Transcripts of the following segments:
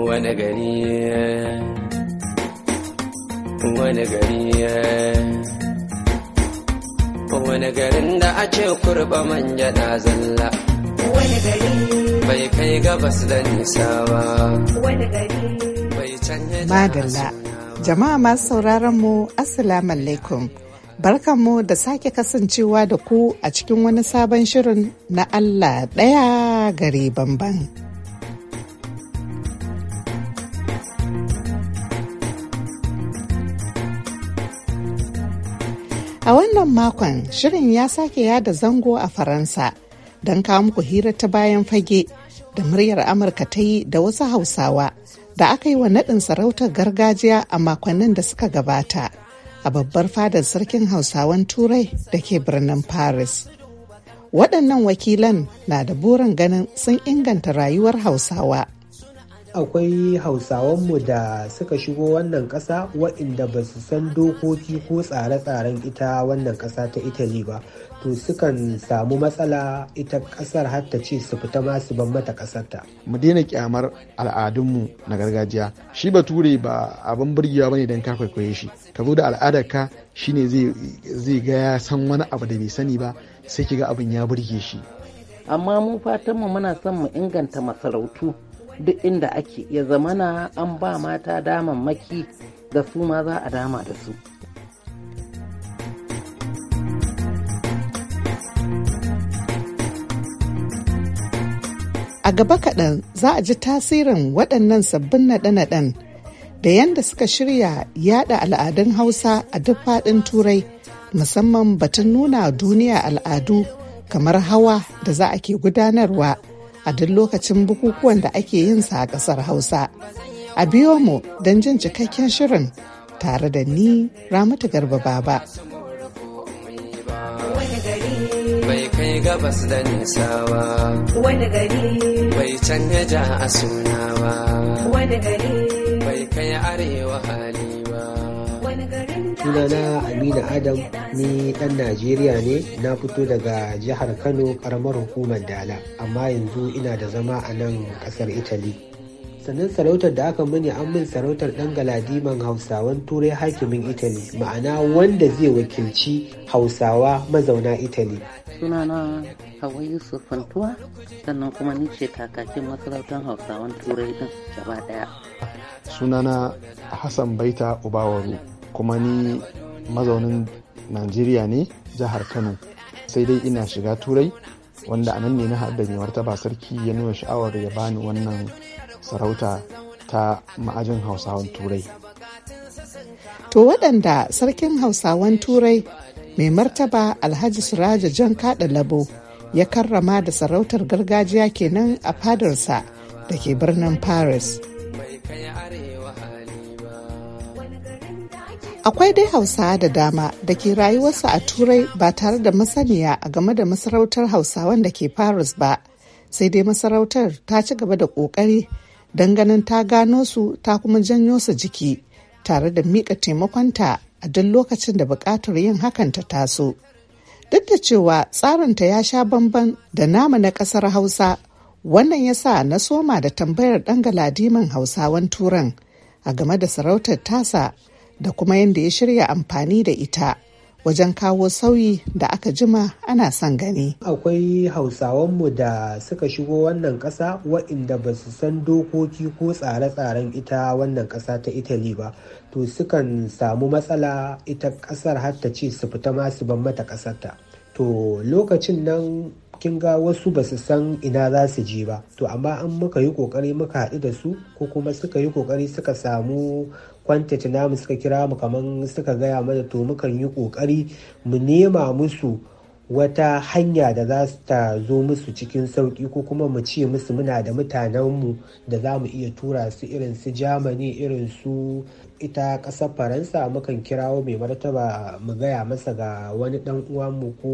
wani gari wani gari wani garin da a ce kurba manja na zalla wani gari bai kai gabas da nisa ba wani gari bai canje madalla jama'a masu sauraron mu assalamu alaikum barkanmu da sake kasancewa da ku a cikin wani sabon shirin na Allah ɗaya gari bamban. A wannan makon shirin ya sake yada zango a Faransa don kawo muku hira ta bayan fage da muryar Amurka ta yi da wasu Hausawa da aka yi wa naɗin sarautar gargajiya a makonnin da suka gabata a babbar fadar sarkin Hausawan Turai da ke birnin Paris. Waɗannan wakilan na da burin ganin sun inganta rayuwar Hausawa akwai hausawanmu da suka shigo wannan ƙasa waɗanda ba su san dokoki ko tsare-tsaren ita wannan ƙasa ta italy ba to sukan samu matsala ita ƙasar har ta ce su fita masu ban mata ƙasarta. mu daina kyamar al'adunmu na gargajiya shi bature ba abin burgewa bane don ka kwaikwaye shi ka zo da al'adar ka shine zai ga ya san wani abu da bai sani ba sai ki ga abin ya burge shi amma mu fatanmu muna son mu inganta masarautu duk inda ake ya zamana an ba mata daman maki da su ma za a dama da su. A gaba kaɗan za a ji tasirin waɗannan sabbin naɗe-naɗen da yadda suka shirya yaɗa al'adun Hausa a duk faɗin Turai musamman batun nuna duniya al'adu kamar hawa da za a ke gudanarwa. a duk lokacin bukukuwan da ake yin sa a ƙasar Hausa. A biyo mu don jin cikakken shirin tare da ni Ramatu Garba Baba. Bai kai gabas da nisa ba, wani gari bai canja a suna ba, wani gari bai kai arewa hali ba. sunana Aminu adam ni dan najeriya ne na fito daga jihar kano karamar hukumar dala amma yanzu ina da zama a nan kasar italy sannan sarautar da aka mani an min sarautar dan galadiman hausawan turai hakimin italy ma'ana wanda zai wakilci hausawa mazauna italy sunana hawa yusuf fantuwa sannan kuma ni ce kakakin masarautar hausawan turai din gaba daya sunana hassan baita ubawaru kuma ni mazaunin najeriya ne jihar kano sai dai ina shiga turai wanda a nan ne na haɗa mai martaba sarki ya nuna sha'awar ya bani wannan sarauta ta ma'ajin hausawan turai to waɗanda sarkin hausawan turai mai martaba alhaji siraja jan kaɗa labo ya karrama da sarautar gargajiya kenan a fadarsa da ke birnin paris Akwai dai Hausawa da dama da ke rayuwarsa a Turai ba tare da masaniya a game da masarautar Hausawan da ke Paris ba, sai dai masarautar ta ci gaba da ƙoƙari don ganin ta gano su ta kuma janyo su jiki tare da miƙa taimakonta a duk lokacin da buƙatar yin hakan ta taso. Duk da cewa tsarinta ya sha bamban da nama na ƙasar Hausa, wannan ya sa na soma da tambayar ɗan galadiman Hausawan Turan a game da sarautar tasa da kuma yadda ya shirya amfani da ita wajen kawo sauyi da aka jima ana son gani. Akwai hausawanmu da suka shigo wannan ƙasa wa'inda ba su san dokoki ko tsare-tsaren ita wannan ƙasa ta Italy ba. To sukan samu matsala ita ƙasar har ta ce su fita masu su ban mata ƙasarta. To lokacin nan kin ga wasu ba su san ina za su je ba to amma an muka yi ƙoƙari muka haɗu da su ko kuma suka yi ƙoƙari suka samu kwantata namu suka kira mu kaman suka gaya mana to mukan yi kokari mu nema musu wata hanya da za ta zo musu cikin sauƙi ko kuma mu ce musu muna da mutanenmu da za mu iya tura su irin su jamani irin su ita ƙasar faransa mukan kirawo mai martaba mu gaya masa ga wani ɗan uwanmu ko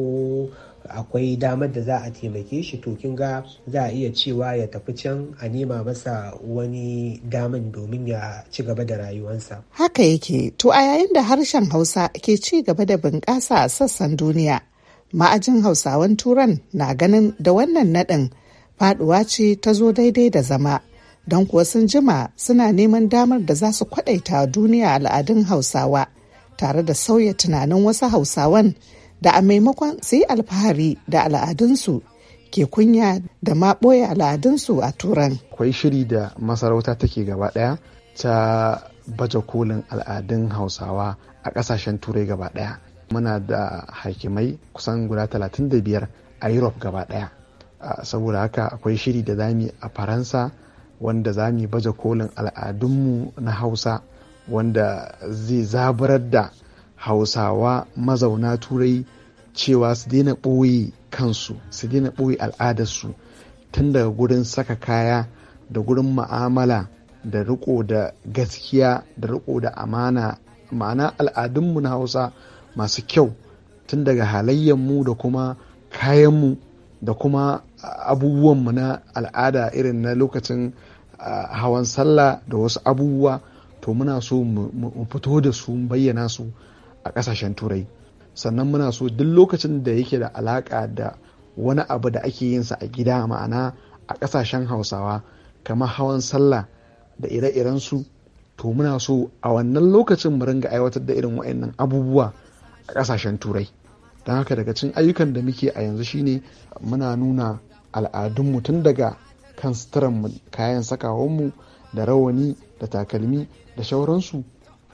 akwai damar da za a taimake shi to kin ga za a iya cewa ya tafi can a nema masa wani daman domin ya ci gaba da rayuwansa. Haka yake, to a yayin da harshen Hausa ke ci gaba da bunƙasa a sassan duniya, ma'ajin Hausawan Turan na ganin da wannan naɗin faɗuwa ce ta zo daidai da zama. Don kuwa sun jima suna neman damar da za su kwaɗaita duniya al'adun Hausawa tare da sauya tunanin wasu Hausawan da a maimakon su yi alfahari da al'adunsu ke kunya da ma ɓoye al'adunsu a turan. Akwai shiri da masarauta take gaba ɗaya ta baje kolin al'adun hausawa a ƙasashen turai gaba ɗaya. Muna da hakimai kusan guda 35 a Europe gaba ɗaya. Saboda haka akwai shiri da zami a Faransa wanda zami baje kolin al'adunmu na Hausa wanda zai zaburar da hausawa mazauna turai cewa su daina ɓoye kansu su daina ɓoye al'adarsu tun daga gurin saka kaya da gurin ma'amala da riko da gaskiya da riko da amana ma'ana al'adunmu na hausa masu kyau tun daga halayyarmu da kuma kayanmu da kuma abubuwanmu na al'ada irin na lokacin hawan sallah da wasu abubuwa to muna so mu fito da su bayyana su a kasashen turai sannan muna so duk lokacin da yake da alaka da wani abu da ake yin sa a gida ma'ana a kasashen hausawa kamar hawan sallah da ire-iren su to muna so a wannan lokacin mu ringa aiwatar da irin wa'annan abubuwa a kasashen turai don haka daga cin ayyukan da muke a yanzu shine muna nuna al'adunmu tun daga kan suturanmu kayan sakawanmu da rawani da takalmi da shauransu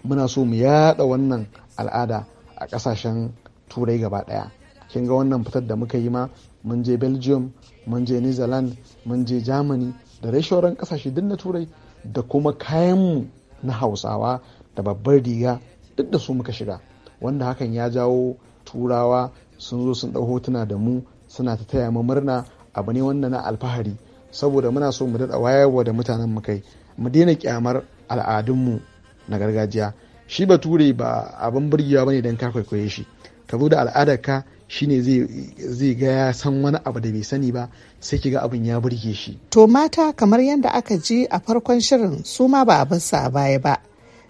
muna so mu yada wannan al'ada a ƙasashen turai gaba ɗaya kin ga wannan fitar da muka yi ma mun je belgium mun je new zealand mun je germany da dai shauran ƙasashe duk na turai da kuma kayanmu na hausawa da babbar riga duk da su muka shiga wanda hakan ya jawo turawa sun zo sun ɗau hotuna da mu suna ta taya mu murna abu ne wanda na alfahari saboda muna so mu daɗa wayarwa da mutanen mu kai mu daina kyamar al'adunmu na gargajiya shi ba Ture ba abin burgewa bane don ka kwaikwaye shi ka zo da al'adar ka shine zai ga ya san wani abu da bai sani ba sai ki ga abin ya burge shi to mata kamar yadda aka ji a farkon shirin su ma ba a sa a baya ba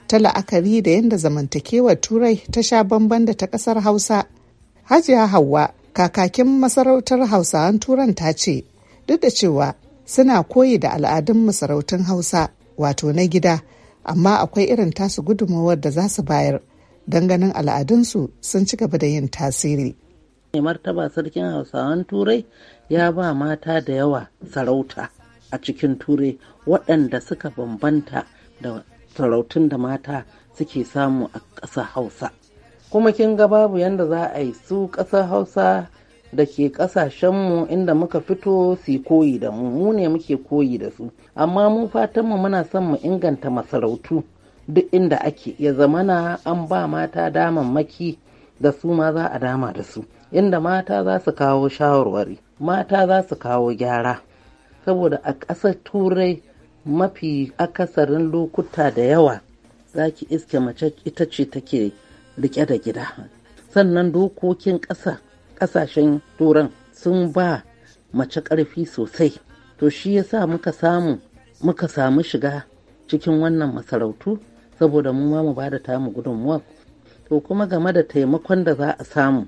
ta la'akari da yadda zamantakewar turai ta sha bamban da ta kasar hausa hajiya Hauwa, kakakin masarautar hausawan turan ta ce duk da cewa suna koyi da al'adun masarautun hausa wato na gida amma akwai irin tasu gudunmawar da za su bayar don ganin al'adunsu sun ci gaba da yin tasiri. martaba sarkin hausawan turai ya ba mata da yawa sarauta a cikin turai waɗanda suka bambanta da sarautun da mata suke samu a ƙasar hausa kuma kin ga babu yadda za a yi su ƙasar hausa da ke ƙasashenmu inda muka fito su koyi da mu mu ne muke koyi da su amma mu fatanmu muna son mu inganta masarautu duk inda ake ya zamana an ba mata damammaki da su ma za a dama da su inda mata za su kawo shawarwari mata za su kawo gyara saboda a ƙasar turai mafi akasarin lokuta da yawa za ki iske mace ita ce take rike da gida sannan dokokin ƙasa ƙasashen turan sun ba mace ƙarfi sosai to shi yasa muka samu muka samu shiga cikin wannan masarautu saboda mu ma mu ba da tamu gudunmuwa to kuma game da taimakon da za a samu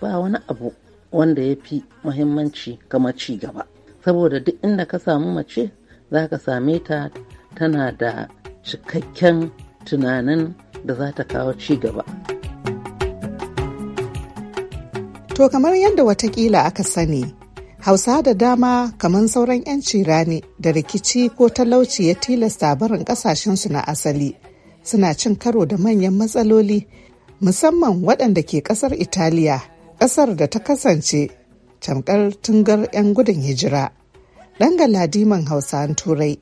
ba wani abu wanda ya fi muhimmanci kama ci gaba saboda duk inda ka samu mace za ka same ta tana da cikakken tunanin da za ta kawo ci gaba. To kamar yadda watakila aka sani, Hausa da dama kamar sauran 'yanci rani da rikici ko talauci ya tilasta barin kasashensu na asali suna cin karo da manyan matsaloli musamman waɗanda ke ƙasar Italiya, ƙasar da ta kasance tamkar tungar 'yan gudun hijira. Ɗan galadiman Hausa Turai.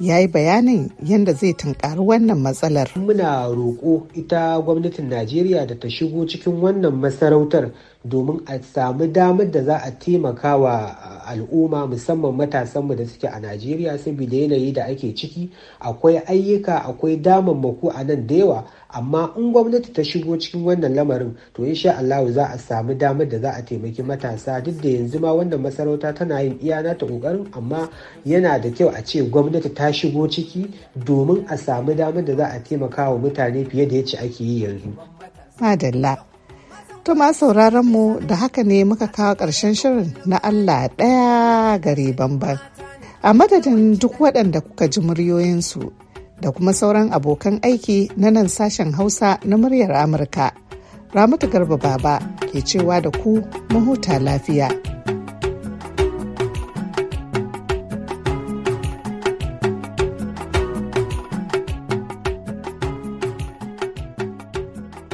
ya yi bayanin yadda zai tunkari wannan matsalar. Muna roƙo ita gwamnatin Najeriya da ta shigo cikin wannan masarautar domin a sami damar da za a taimaka wa al'umma musamman matasanmu da suke a najeriya saboda yanayi da ake ciki akwai ayyuka akwai damammaku a nan da yawa amma in gwamnati ta shigo cikin wannan lamarin to insha Allahu za a samu damar da za a taimaki matasa duk da yanzu ma wannan masarauta tana yin iyana ta kokarin amma yana da kyau a ce gwamnati ta shigo ciki domin a samu damar da za a taimaka wa mutane fiye da yace ake yi yanzu. Madalla Tuma sauraron mu da haka ne muka kawo ƙarshen shirin na Allah ɗaya gare bamban. A madadin duk waɗanda kuka ji muryoyinsu da kuma sauran abokan aiki na nan sashen Hausa na muryar Amurka. Ramatu Garba Baba ke cewa da ku mahuta lafiya.